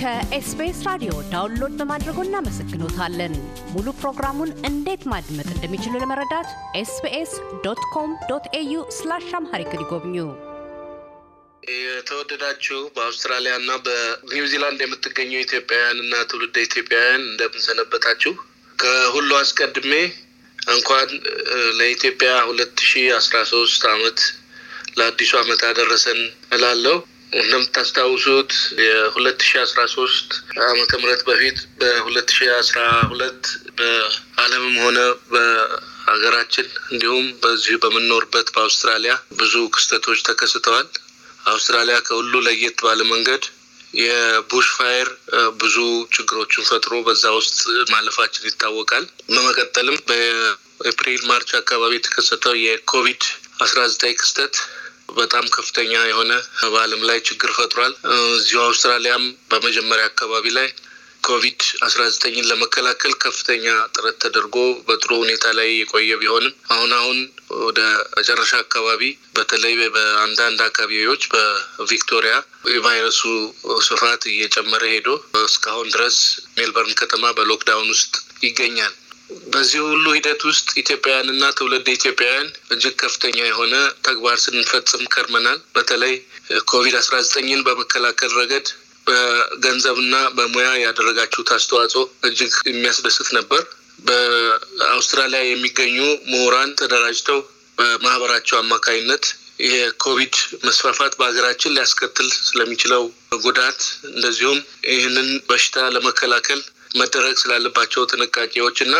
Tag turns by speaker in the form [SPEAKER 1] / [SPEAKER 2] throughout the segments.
[SPEAKER 1] ከኤስቢኤስ ራዲዮ ዳውንሎድ በማድረጎ እናመሰግኖታለን። ሙሉ ፕሮግራሙን እንዴት ማድመጥ እንደሚችሉ ለመረዳት ኤስቢኤስ ዶት ኮም ዶት ኤዩ ስላሽ አምሃሪክ ይጎብኙ። የተወደዳችሁ በአውስትራሊያ እና በኒውዚላንድ የምትገኙ ኢትዮጵያውያን እና ትውልደ ኢትዮጵያውያን እንደምንሰነበታችሁ። ከሁሉ አስቀድሜ እንኳን ለኢትዮጵያ ሁለት ሺ አስራ ሶስት አመት ለአዲሱ አመት አደረሰን እላለሁ። እንደምታስታውሱት የሁለት ሺ አስራ ሶስት ምህረት በፊት በሁለት ሺ አስራ ሁለት ሆነ በሀገራችን እንዲሁም በዚሁ በምንኖርበት በአውስትራሊያ ብዙ ክስተቶች ተከስተዋል። አውስትራሊያ ከሁሉ ለየት ባለ መንገድ የቡሽ ፋየር ብዙ ችግሮችን ፈጥሮ በዛ ውስጥ ማለፋችን ይታወቃል። በመቀጠልም በኤፕሪል ማርች አካባቢ የተከሰተው የኮቪድ አስራ ዘጠኝ ክስተት በጣም ከፍተኛ የሆነ በዓለም ላይ ችግር ፈጥሯል። እዚሁ አውስትራሊያም በመጀመሪያ አካባቢ ላይ ኮቪድ አስራ ዘጠኝን ለመከላከል ከፍተኛ ጥረት ተደርጎ በጥሩ ሁኔታ ላይ የቆየ ቢሆንም አሁን አሁን ወደ መጨረሻ አካባቢ በተለይ በአንዳንድ አካባቢዎች በቪክቶሪያ የቫይረሱ ስፋት እየጨመረ ሄዶ እስካሁን ድረስ ሜልበርን ከተማ በሎክዳውን ውስጥ ይገኛል። በዚህ ሁሉ ሂደት ውስጥ ኢትዮጵያውያንና ትውልድ ኢትዮጵያውያን እጅግ ከፍተኛ የሆነ ተግባር ስንፈጽም ከርመናል። በተለይ ኮቪድ አስራ ዘጠኝን በመከላከል ረገድ በገንዘብና በሙያ ያደረጋችሁት አስተዋጽኦ እጅግ የሚያስደስት ነበር። በአውስትራሊያ የሚገኙ ምሁራን ተደራጅተው በማህበራቸው አማካኝነት የኮቪድ መስፋፋት በሀገራችን ሊያስከትል ስለሚችለው ጉዳት እንደዚሁም ይህንን በሽታ ለመከላከል መደረግ ስላለባቸው ጥንቃቄዎች እና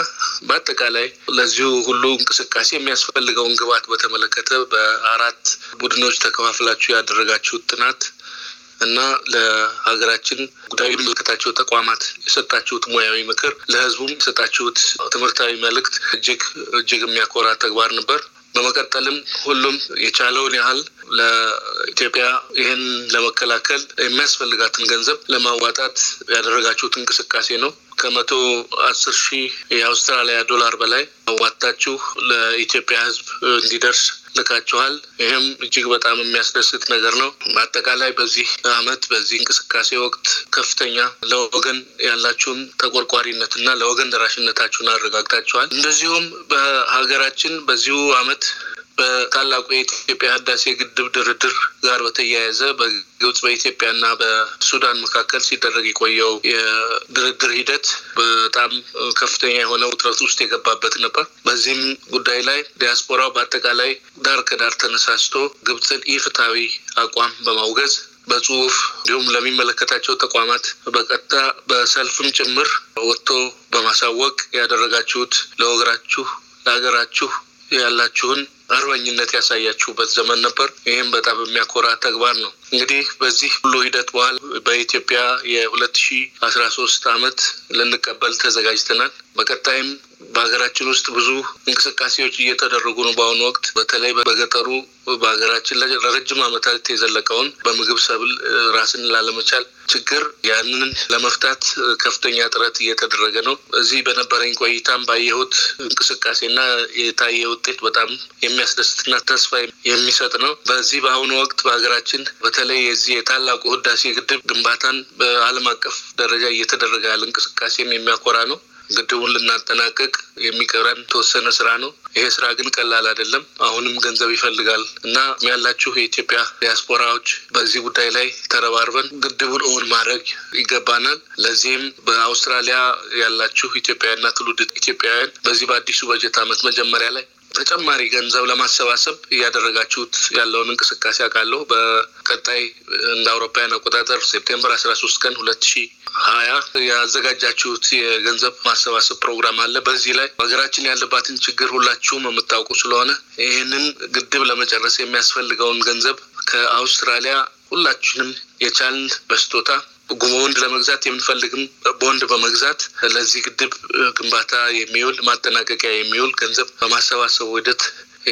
[SPEAKER 1] በአጠቃላይ ለዚሁ ሁሉ እንቅስቃሴ የሚያስፈልገውን ግብዓት በተመለከተ በአራት ቡድኖች ተከፋፍላችሁ ያደረጋችሁ ጥናት እና ለሀገራችን ጉዳዩ የሚመለከታቸው ተቋማት የሰጣችሁት ሙያዊ ምክር፣ ለህዝቡም የሰጣችሁት ትምህርታዊ መልእክት እጅግ እጅግ የሚያኮራ ተግባር ነበር። በመቀጠልም ሁሉም የቻለውን ያህል ለኢትዮጵያ ይህን ለመከላከል የሚያስፈልጋትን ገንዘብ ለማዋጣት ያደረጋችሁት እንቅስቃሴ ነው። ከመቶ አስር ሺህ የአውስትራሊያ ዶላር በላይ አዋጣችሁ ለኢትዮጵያ ሕዝብ እንዲደርስ ልካችኋል። ይህም እጅግ በጣም የሚያስደስት ነገር ነው። አጠቃላይ በዚህ አመት በዚህ እንቅስቃሴ ወቅት ከፍተኛ ለወገን ያላችሁን ተቆርቋሪነትና ለወገን ደራሽነታችሁን አረጋግጣችኋል። እንደዚሁም በሀገራችን በዚሁ አመት በታላቁ የኢትዮጵያ ህዳሴ ግድብ ድርድር ጋር በተያያዘ በግብጽ በኢትዮጵያና በሱዳን መካከል ሲደረግ የቆየው የድርድር ሂደት በጣም ከፍተኛ የሆነ ውጥረት ውስጥ የገባበት ነበር። በዚህም ጉዳይ ላይ ዲያስፖራው በአጠቃላይ ዳር ከዳር ተነሳስቶ ግብጽን ኢፍትሐዊ አቋም በማውገዝ በጽሁፍ እንዲሁም ለሚመለከታቸው ተቋማት በቀጥታ በሰልፍም ጭምር ወጥቶ በማሳወቅ ያደረጋችሁት ለወገራችሁ ለሀገራችሁ ያላችሁን አርበኝነት ያሳያችሁበት ዘመን ነበር። ይህም በጣም የሚያኮራ ተግባር ነው። እንግዲህ በዚህ ሁሉ ሂደት በኋላ በኢትዮጵያ የሁለት ሺ አስራ ሶስት አመት ልንቀበል ተዘጋጅተናል። በቀጣይም በሀገራችን ውስጥ ብዙ እንቅስቃሴዎች እየተደረጉ ነው። በአሁኑ ወቅት በተለይ በገጠሩ በሀገራችን ለረጅም ዓመታት የዘለቀውን በምግብ ሰብል ራስን ላለመቻል ችግር ያንን ለመፍታት ከፍተኛ ጥረት እየተደረገ ነው። እዚህ በነበረኝ ቆይታም ባየሁት እንቅስቃሴና የታየ ውጤት በጣም የሚያስደስትና ተስፋ የሚሰጥ ነው። በዚህ በአሁኑ ወቅት በሀገራችን በተለይ የዚህ የታላቁ ህዳሴ ግድብ ግንባታን በዓለም አቀፍ ደረጃ እየተደረገ ያለ እንቅስቃሴም የሚያኮራ ነው። ግድቡን ልናጠናቀቅ የሚቀረን የተወሰነ ስራ ነው። ይሄ ስራ ግን ቀላል አይደለም። አሁንም ገንዘብ ይፈልጋል እና ያላችሁ የኢትዮጵያ ዲያስፖራዎች በዚህ ጉዳይ ላይ ተረባርበን ግድቡን እውን ማድረግ ይገባናል። ለዚህም በአውስትራሊያ ያላችሁ ኢትዮጵያና ትውልደ ኢትዮጵያውያን በዚህ በአዲሱ በጀት ዓመት መጀመሪያ ላይ ተጨማሪ ገንዘብ ለማሰባሰብ እያደረጋችሁት ያለውን እንቅስቃሴ አውቃለሁ። በቀጣይ እንደ አውሮፓውያን አቆጣጠር ሴፕቴምበር አስራ ሶስት ቀን ሁለት ሺህ ሀያ ያዘጋጃችሁት የገንዘብ ማሰባሰብ ፕሮግራም አለ። በዚህ ላይ ሀገራችን ያለባትን ችግር ሁላችሁም የምታውቁ ስለሆነ ይህንን ግድብ ለመጨረስ የሚያስፈልገውን ገንዘብ ከአውስትራሊያ ሁላችንም የቻልን በስጦታ ቦንድ ለመግዛት የምንፈልግም ቦንድ በመግዛት ለዚህ ግድብ ግንባታ የሚውል ማጠናቀቂያ የሚውል ገንዘብ በማሰባሰቡ ሂደት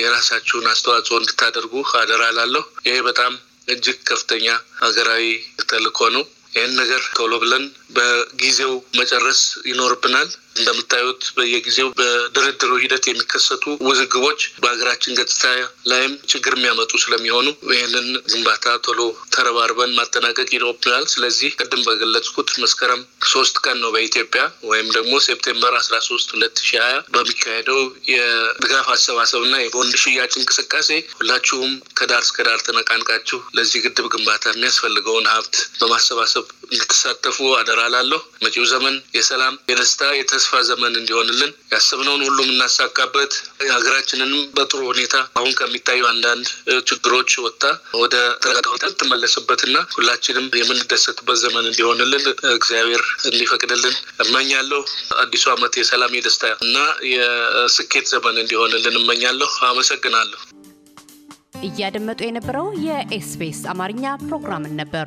[SPEAKER 1] የራሳችሁን አስተዋጽኦ እንድታደርጉ አደራ ላለሁ። ይሄ በጣም እጅግ ከፍተኛ ሀገራዊ ተልኮ ነው። ይህን ነገር ቶሎ ብለን በጊዜው መጨረስ ይኖርብናል። እንደምታዩት በየጊዜው በድርድሩ ሂደት የሚከሰቱ ውዝግቦች በሀገራችን ገጽታ ላይም ችግር የሚያመጡ ስለሚሆኑ ይህንን ግንባታ ቶሎ ተረባርበን ማጠናቀቅ ይኖርብናል። ስለዚህ ቅድም በገለጽኩት መስከረም ሶስት ቀን ነው በኢትዮጵያ ወይም ደግሞ ሴፕቴምበር አስራ ሶስት ሁለት ሺ ሀያ በሚካሄደው የድጋፍ አሰባሰብና የቦንድ ሽያጭ እንቅስቃሴ ሁላችሁም ከዳር እስከ ዳር ተነቃንቃችሁ ለዚህ ግድብ ግንባታ የሚያስፈልገውን ሀብት በማሰባሰብ እንድትሳተፉ አደራ ላለሁ። መጪው ዘመን የሰላም የደስታ የተ የተስፋ ዘመን እንዲሆንልን ያስብነውን ሁሉ እናሳካበት ሀገራችንንም በጥሩ ሁኔታ አሁን ከሚታዩ አንዳንድ ችግሮች ወጥታ ወደ ተረጋጋ ትመለስበትና ሁላችንም የምንደሰትበት ዘመን እንዲሆንልን እግዚአብሔር እንዲፈቅድልን እመኛለሁ። አዲሱ ዓመት የሰላም የደስታ እና የስኬት ዘመን እንዲሆንልን እመኛለሁ። አመሰግናለሁ። እያደመጡ የነበረው የኤስቢኤስ አማርኛ ፕሮግራምን ነበር።